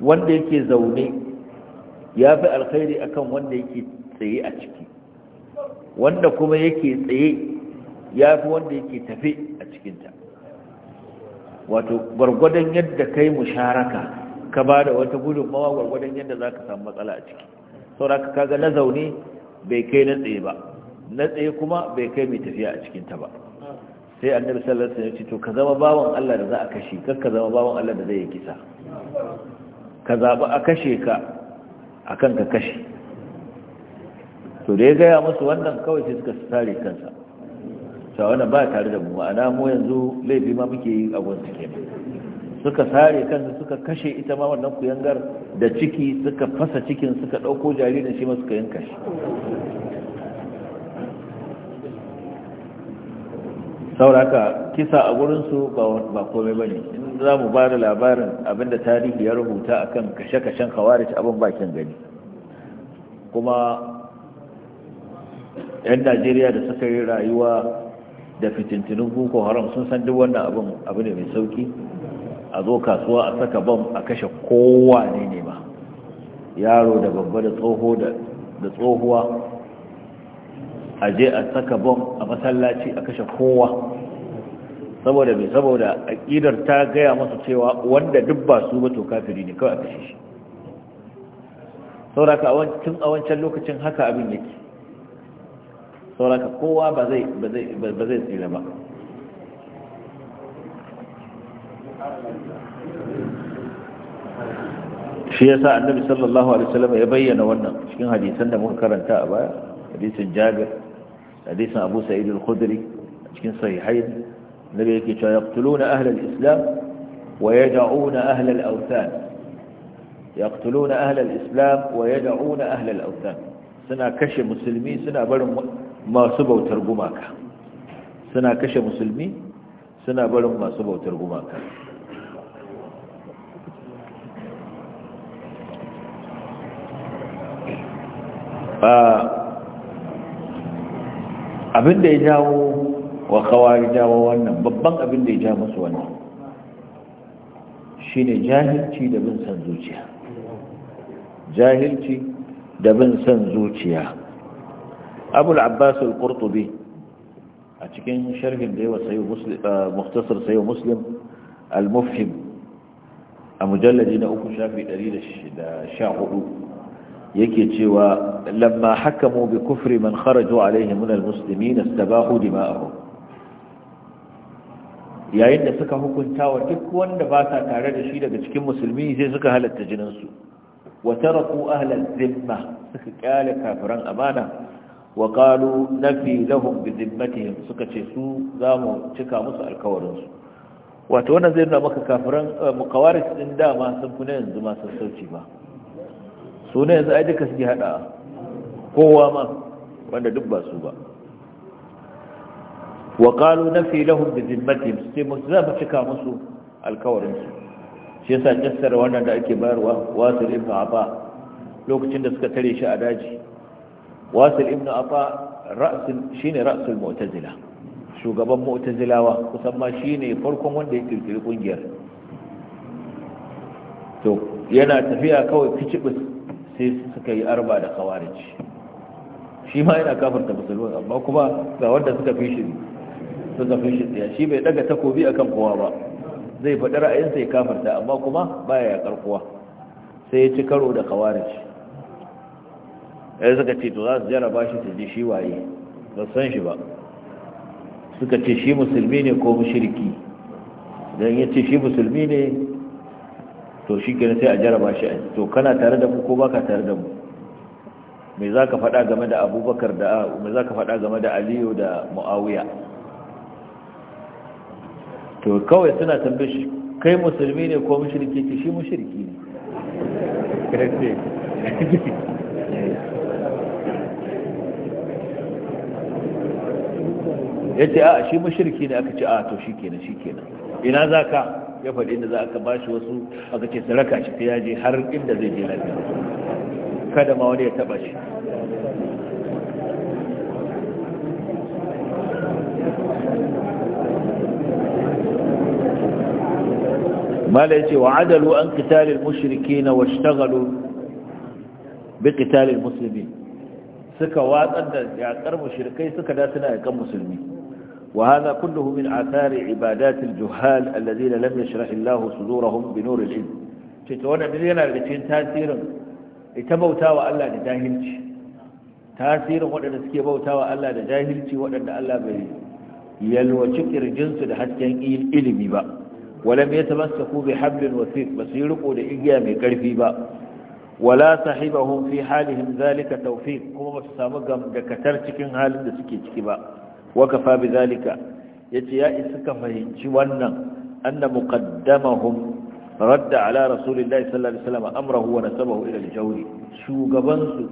wanda yake zaune ya fi alkhairi akan wanda yake tsaye a ciki wanda kuma yake tsaye ya fi wanda yake tafe a cikinta wato gwargwadon yadda kai musharaka ka ba da wata gudunmawa gwargwadon yadda za ka samu matsala a ciki sauraka kaga na zaune bai kai na tsaye ba na tsaye kuma bai kai mai tafiya a cikinta ba sai annabi sallallahu alaihi wasallam ya ce to ka zama bawan Allah da za a kashe kar ka zama bawan Allah da zai yi kisa ka zaɓi a kashe ka akan ka kashe to da ya gaya musu wannan kawai sai suka sare kansa sai wannan ba tare da mu ana mu yanzu laifi ma muke yi a gwansu kenan suka sare kansa suka kashe ita ma wannan kuyangar da ciki suka fasa cikin suka ɗauko jaririn shi ma suka yanka shi sauraka kisa a su ba komai ba ne in za mu ba da labarin abinda tarihi ya rubuta a kan kashe-kashen khawarij abin bakin gani kuma 'yan najeriya da suka yi rayuwa da fitintinin boko haram sun san duk wannan abin abu ne mai sauki a zo kasuwa a saka bam a kashe kowa ne ne ba yaro da babba da tsohuwa a je a saka bom a masallaci a kashe kowa saboda mai saboda aƙidar ta gaya masu cewa wanda duk ba su ba to kafiri ne kawai a kashe shi sauraka tun a wancan lokacin haka abin yake sauraka kowa ba zai tsira ba shi yasa annabi sallallahu alaihi wasallam ya bayyana wannan cikin hadisan da muka karanta a baya حديث الجابر حديث أبو سعيد الخدري لكن صحيحين النبي يقول يقتلون أهل الإسلام ويدعون أهل الأوثان يقتلون أهل الإسلام ويدعون أهل الأوثان سنا كشي مسلمي سنا بلو ما سبو ترقماك سنا كشي مسلمي سنا بلو ما سبو ترقماك فأنا آه، abin da ya jawo wa kawari jawo wannan babban abin da ya ja musu wannan shine jahilci da bin san zuciya jahilci da bin san zuciya abul abbas al-qurtubi a cikin sharhin da yawa sayo muslim uh, sayo muslim al-mufhim a mujalladi na uku shafi 114 yake cewa lamma hakamu bi kufri man kharaju alaihi min almuslimin istabahu dima'ahum yayin da suka hukunta wa duk wanda ba sa tare da shi daga cikin musulmi sai suka halatta jinin su wa taraku ahlal zimma suka kyale kafiran amana wa qalu nafi lahum bi zimmatihim suka ce su zamu cika musu alkawarin su wato wannan zai nuna maka kafiran eh, muqawaris din dama sun fi yanzu ma sun sauci ba su ne yanzu ai duka suke hada kowa ma wanda duk ba su ba wa qalu nafi lahum bi zimmatihim sai mu za mu cika musu alkawarin su shi yasa jassar wannan da ake bayarwa wasil ibn afa lokacin da suka tare shi a daji wasil ibn afa ra'sul shine ra'sul mu'tazila shugaban mu'tazilawa kusan ma shine farkon wanda ya kirkiri kungiyar to yana tafiya kawai kicibis sai suka yi arba da khawarij shi ma yana kafarta musulman amma kuma ga wanda suka fi shi suka fi shi tsaya shi bai daga takobi akan kowa ba zai faɗi ra'ayinsa ya kafarta amma kuma ba ya yaƙar kowa sai ya ci karo da khawarij yanzu suka ce to za su jaraba shi su ji shi waye ba san shi ba suka ce shi musulmi ne ko don ya yace shi musulmi ne to shi kenan sai a jaraba shi a to kana tare da mu ko baka tare da mu me za ka faɗa game da abubakar da me za ka faɗa game da aliyu da mu'awiya to kawai suna tambaye shi kai musulmi ne ko mushriki ce shi mushriki ne ya ce a shi mashirki ne aka ci a to shi kenan shi kenan ina za ka ya faɗi inda za aka ba shi wasu aka ce saraka shi ta yaji har inda zai je lafiya kada ma wani ya taɓa shi mala yace wa adalu an qitalil mushrikeena washtaghalu bi qitalil muslimin suka watsar da yakar mushrikai suka da suna yakan musulmi وهذا كله من آثار عبادات الجهال الذين لم يشرح الله صدورهم بنور العلم تتوانا مليانا لكين تاثيرا اتبوتا وألا لجاهلش تاثيرا وأن نسكي بوتا وألا لجاهلش وأن ألا بي يلوشكر جنس لحتى إلمي با ولم يتمسكوا بحبل وثيق بس يلقوا لإيامي كرفي با ولا صاحبهم في حالهم ذلك توفيق كما تسامقهم دكتر تكين حال دسكي تكي با Waka fa bi zalika yace ya isa ka fahimci wannan anna muqaddamahum radda ala rasulillahi sallallahu alaihi wasallam amrahu wa nasabahu ila al-jawri shugaban su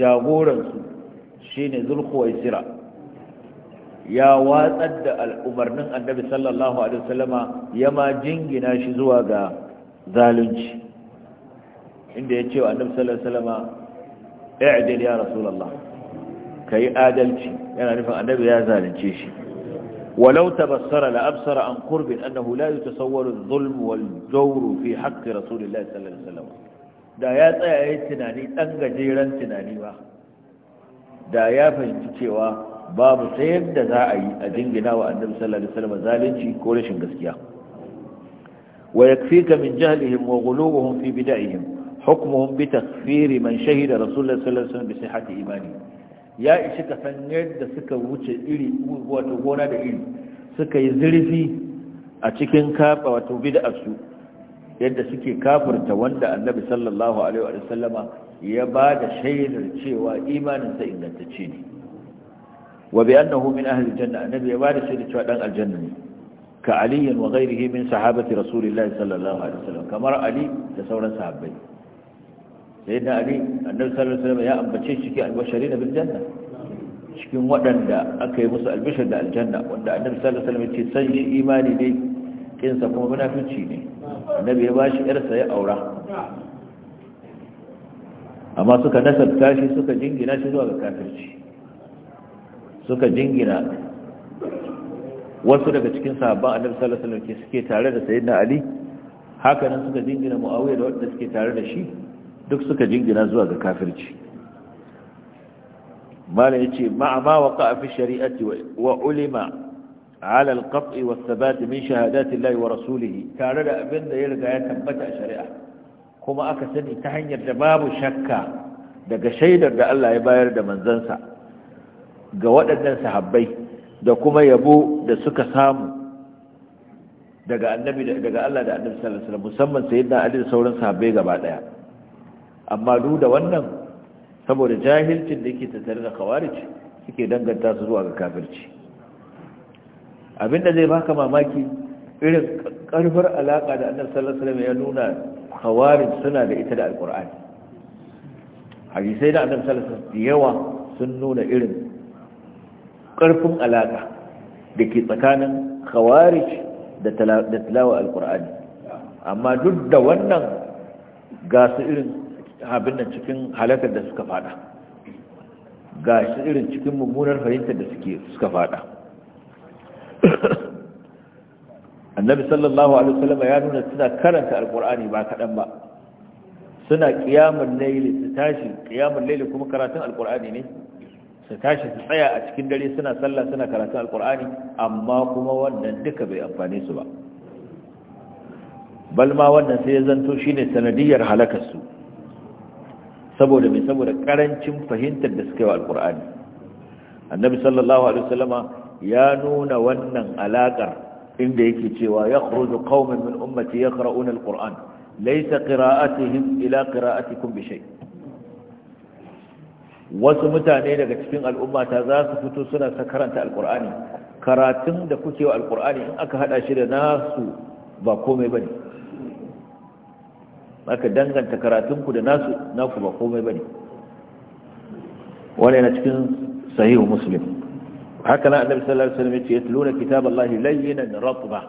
jagoran su shine zulkhuwaisira ya watsar da al'umarnin annabi sallallahu alaihi wasallama ya ma jingina shi zuwa ga zalunci inda ya ce wa annabi sallallahu alaihi wasallama i'dil ya rasulullah kai adalci yana nufin annabi ya zalunce shi walau tabassara la absara an qurbin annahu la yatasawwaru adh-dhulm wal jawr fi haqq rasulillahi sallallahu alaihi wasallam da ya tsaya yi tunani dan gajeren tunani ba da ya fahimci cewa babu sai yadda za a yi a jingina wa annabi sallallahu alaihi wasallam zalunci ko rashin gaskiya wa yakfika min jahlihim wa ghuluhum fi bid'ihim hukmuhum bi takfiri man shahida rasulullahi sallallahu alaihi wasallam bi sihhati imani ya ishi ka san yadda suka wuce iri wato gona da iri suka yi zurfi a cikin kafa wato su yadda suke kafarta wanda annabi sallallahu alaihi wa sallama ya ba da shaidar cewa imaninsa ingantacce ne wa bi annahu min ahli janna annabi ya ba da shaidar cewa dan aljanna ne ka aliyin wa ghairihi min sahabati rasulillahi sallallahu alaihi wa sallam kamar ali da sauran sahabbai sai na ali annabi sallallahu alaihi wasallam ya ambace shi cikin albashari na bil janna cikin waɗanda aka yi musu albishir da aljanna wanda annabi sallallahu alaihi wasallam ya ce san shi imani ne kinsa kuma munafici ne annabi ya bashi yarsa ya aura amma suka nasabta shi suka jingina shi zuwa ga kafirci suka jingina wasu daga cikin sahabban annabi sallallahu alaihi wasallam suke tare da sayyidina ali haka nan suka jingina muawiya da wanda suke tare da shi duk suka jingina zuwa ga kafirci malam ya ce, ma waqa fi shari'ati wa ulima ala al wa thabat min shahadati Allah wa rasulih tare da abin da ya riga ya tabbata a shari'a kuma aka sani ta hanyar da babu shakka daga shaidar da Allah ya bayar da manzansa ga waɗannan sahabbai da kuma yabo da suka samu daga annabi daga Allah da annabi sallallahu alaihi wasallam musamman sayyidina Ali da sauran sahabbai gaba daya amma duk da wannan saboda jahilcin da yake tattare da khawarij suke danganta su zuwa ga kafirci abinda zai baka mamaki irin karfar alaka da annabi sallallahu alaihi wasallam ya nuna khawarij suna da ita da alqur'ani hadisai da annabi sallallahu alaihi wasallam yawa sun nuna irin karfin alaka da ke tsakanin khawarij da tilawa alqur'ani amma duk da wannan ga su irin abin da cikin halakar da suka fada ga shi irin cikin mummunar fahimtar da suka fada annabi sallallahu alaihi wasallam ya nuna suna karanta alkur'ani ba kaɗan ba suna kiyamun laili su tashi kiyamun laili kuma karatun alkur'ani ne su tashi su tsaya a cikin dare suna sallah suna karatun alkur'ani amma kuma wannan duka bai amfane su ba Balma wannan sai ya zanto shine sanadiyar halakarsu saboda mai saboda karancin fahimtar da suka yi wa alkur'ani annabi sallallahu alaihi wasallama ya nuna wannan alaƙar inda yake cewa ya khuruju qaumin min ummati yaqra'una alquran laysa qira'atuhum ila qira'atikum bi wasu mutane daga cikin al'ummata za su fito suna sa karanta alqur'ani karatun da kuke wa alqur'ani in aka haɗa shi da nasu ba komai bane aka danganta karatunku da nasu naku ba komai bane wani na cikin sahihu muslim haka nan, annabi sallallahu alaihi wasallam yace yatluna kitaballahi layyinan ratba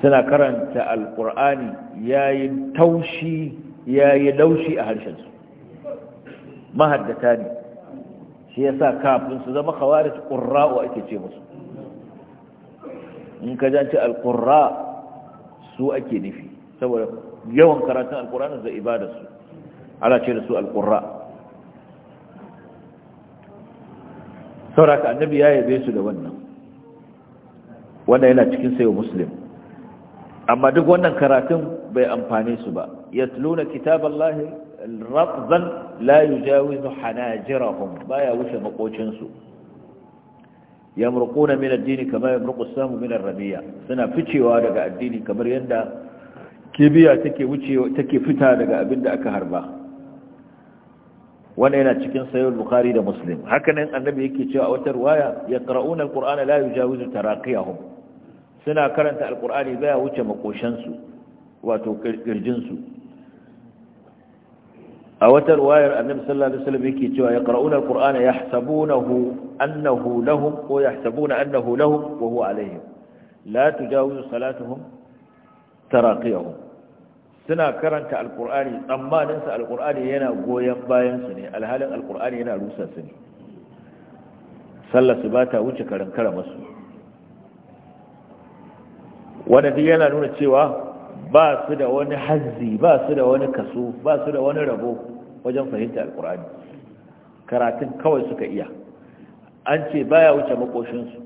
suna karanta alqur'ani yayin taushi yayi laushi a harshen su mahaddata ne shi yasa kafin su zama khawarij qurra'u ake ce musu in ka janci alqurra su ake nufi saboda yawan karatun alkur'ani da ibadarsu ana ce da su alkurra sauraka annabi ya yabe su da wannan wannan yana cikin sayo muslim amma duk wannan karatun bai amfane su ba yatluna kitaballahi rafzan la yujawizu hanajirahum baya wuce makocin Ya yamruquna min ad-din kama yamruqu as-samu min rabiya suna ficewa daga addini kamar yadda. kibiya take wuce take fita daga abin da aka harba wannan yana cikin sayyid bukhari da muslim hakanan annabi yake cewa a wata riwaya yaqra'una alqur'ana la yujawizu taraqiyahum suna karanta alqur'ani baya wuce makoshan su wato kirjin su a wata riwayar annabi sallallahu alaihi wasallam yake cewa yaqra'una alqur'ana yahsabunahu annahu lahum wa yahsabuna annahu lahum wa huwa alaihim la tujawizu salatuhum taraqiyahu suna karanta alqur'ani tsammanin sa alqur'ani yana goyen bayan su ne alhalin alqur'ani yana rusa su ne sallar su bata wuce karin kara masu wanda duk yana nuna cewa ba su da wani hazzi ba su da wani kaso ba su da wani rabo wajen fahimta alqur'ani karatun kawai suka iya an ce baya wuce makoshinsu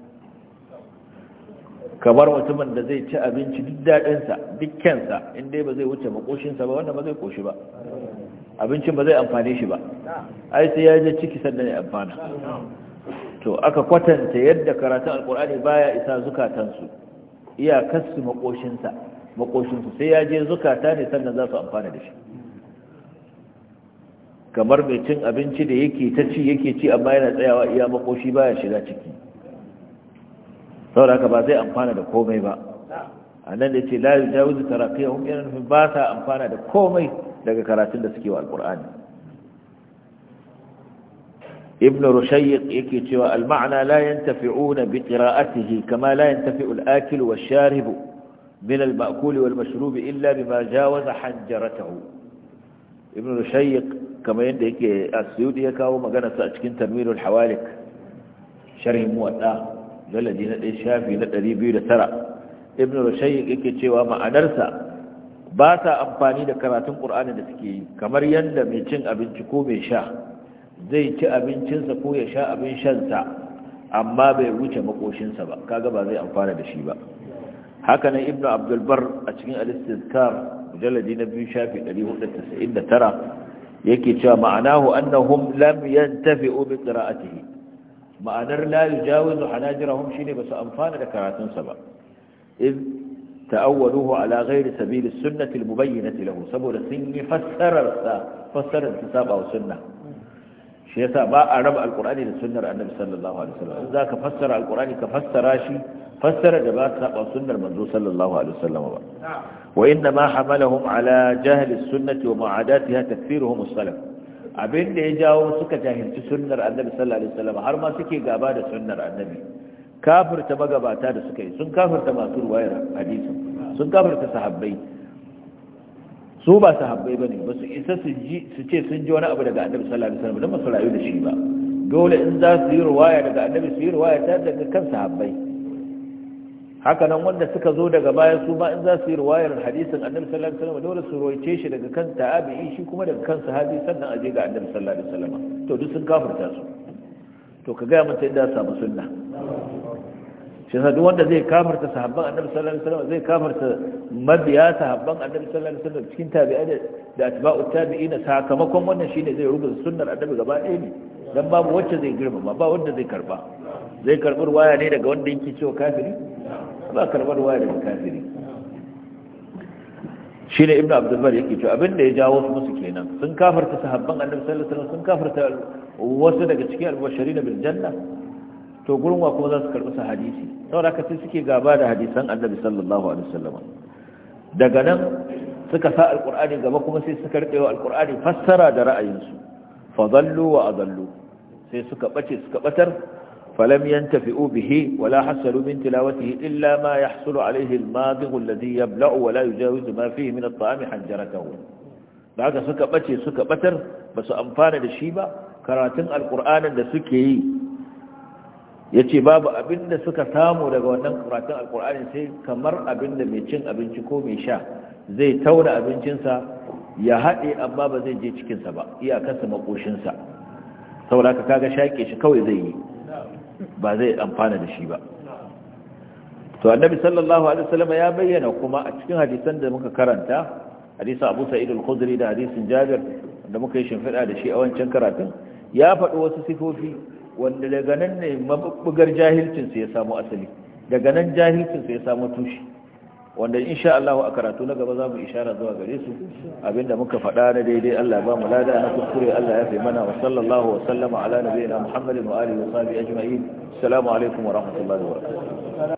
kamar mutumin da zai ci abinci duk daɗinsa dukkansa kyansa inda ba zai wuce makoshinsa ba wanda ba zai koshi ba abincin ba zai amfane shi ba ai sai ya je ciki sannan ya amfana to aka kwatanta yadda karatun alkur'ani baya isa zukatansu iyakarsu makoshinsa makoshinsu sai ya je zukata ne sannan za su amfana da shi kamar mai cin abinci da yake ta ci yake ci amma yana tsayawa iya makoshi baya shiga ciki saboda haka ba zai amfana da komai ba a nan da ce la yi jawizu tarakiyahum yana nufin ba sa amfana da komai daga karatun da suke wa alkur'ani ibn rushayyiq yake cewa al-ma'na la yantafi'una bi qira'atihi kama la yantafi'u al-akil wash-sharibu min al-ma'kul wal-mashrub illa bima jawaza hanjaratahu ibn rushayyiq kama yanda yake asyudi ya kawo magana sa a cikin tanwirul hawalik sharhi muwaddah galaji na ɗaya shafi na ɗari biyu da tara ibn rushayi yake cewa ma'anarsa ba sa amfani da karatun ƙur'ani da suke yi kamar yadda mai cin abinci ko mai sha zai ci abincinsa ko ya sha abin shansa amma bai wuce makoshinsa ba kaga ba zai amfana da shi ba haka nan ibn abdulbar a cikin alistizkar mujalladi na biyu shafi 499 yake cewa ma'anahu annahum lam yantafi'u bi qira'atihi ma'anar hana la yujawizu ne ba su amfana da karatunsa ba iz ta'awwaluhu ala ghairi sabili sunnati almubayyinati lahu saboda sun yi fassarar sa fassarar ta saba wa sunna shi yasa ba a raba alqur'ani da sunnar annabi sallallahu alaihi wasallam in zaka fassara alqur'ani ka fassara shi fassara da ba ta saba sunnar manzo sallallahu alaihi wasallam ba wa inna ma hamalahum ala jahli sunnati wa mu'adatiha takfiruhum as-salaf abin da ya jawo suka jahilci sunnar annabi sallallahu alaihi wasallam har ma suke gaba da sunnar annabi kafirta magabata da suka yi sun kafirta masu ruwayar hadisi sun kafirta sahabbai su ba sahabbai bane ba su isa su ji su ce sun ji wani abu daga annabi sallallahu alaihi wasallam da masu rayu da shi ba dole in za su yi ruwaya daga annabi su yi ruwaya ta daga kan sahabbai haka nan wanda suka zo daga baya su ma in za su yi ruwayar hadisin annabi sallallahu alaihi wasallam dole su roice shi daga kan tabi'i shi kuma daga kan sahabi sannan aje ga annabi sallallahu alaihi wasallam to duk sun kafirta su to ka gaya mata yadda samu sunna shi sa duk wanda zai kafarta sahabban annabi sallallahu alaihi wasallam zai kafarta mabiya sahabban annabi sallallahu alaihi wasallam cikin tabi'ai da atba'u tabi'ina sakamakon wannan shine zai rubuta sunnar annabi gaba ɗaya ne dan babu wacce zai girmama ba wanda zai karba zai karbi ruwaya ne daga wanda yake cewa kafiri ba karbar waya daga kafiri shi ne ibn abdulbar yake cewa abin da ya jawo su musu kenan sun kafarta sahabban annabi sallallahu alaihi wasallam sun kafarta wasu daga cikin albasharina bil janna to gurin wa kuma za su karɓi su hadisi saboda haka sai suke gaba da hadisan annabi sallallahu alaihi wasallam daga nan suka sa alqur'ani gaba kuma sai suka wa alqur'ani fassara da ra'ayinsu Fa fadallu wa adallu sai suka bace suka batar فلم ينتفئوا به ولا حصلوا من تلاوته إلا ما يحصل عليه الماضغ الذي يبلع ولا يجاوز ما فيه من الطعام حنجرته بعد سكة بتي سكة بتر بس أنفان للشيبة كراتن القرآن دا سكي yace babu abinda suka samu daga wannan karatun alkur'ani sai kamar abinda mai cin abinci ko mai sha zai taura abincinsa ya haɗe amma ba zai je cikinsa ba iyakarsa makoshinsa saboda ka kaga shaki shi kawai zai yi ba zai amfana da shi ba to annabi sallallahu alaihi wasallam ya bayyana kuma a cikin hadisan da muka karanta hadisi Abu Sa'id al-Khudri da hadisin Jabir da muka yi shimfiɗa da shi a wancan karatun ya faɗi wasu sifofi wanda daga nan ne mabubbugar jahilcin sa ya samu asali daga nan jahilcin sa ya samu tushe wanda insha Allah a karatu na gaba za mu ishara zuwa gare su abinda muka faɗa na daidai Allah ba mu lada na kuskure Allah ya fi mana wa sallallahu wa sallama ala nabiyina Muhammadin wa alihi wa sahbihi ajma'in assalamu alaikum wa rahmatullahi wa barakatuh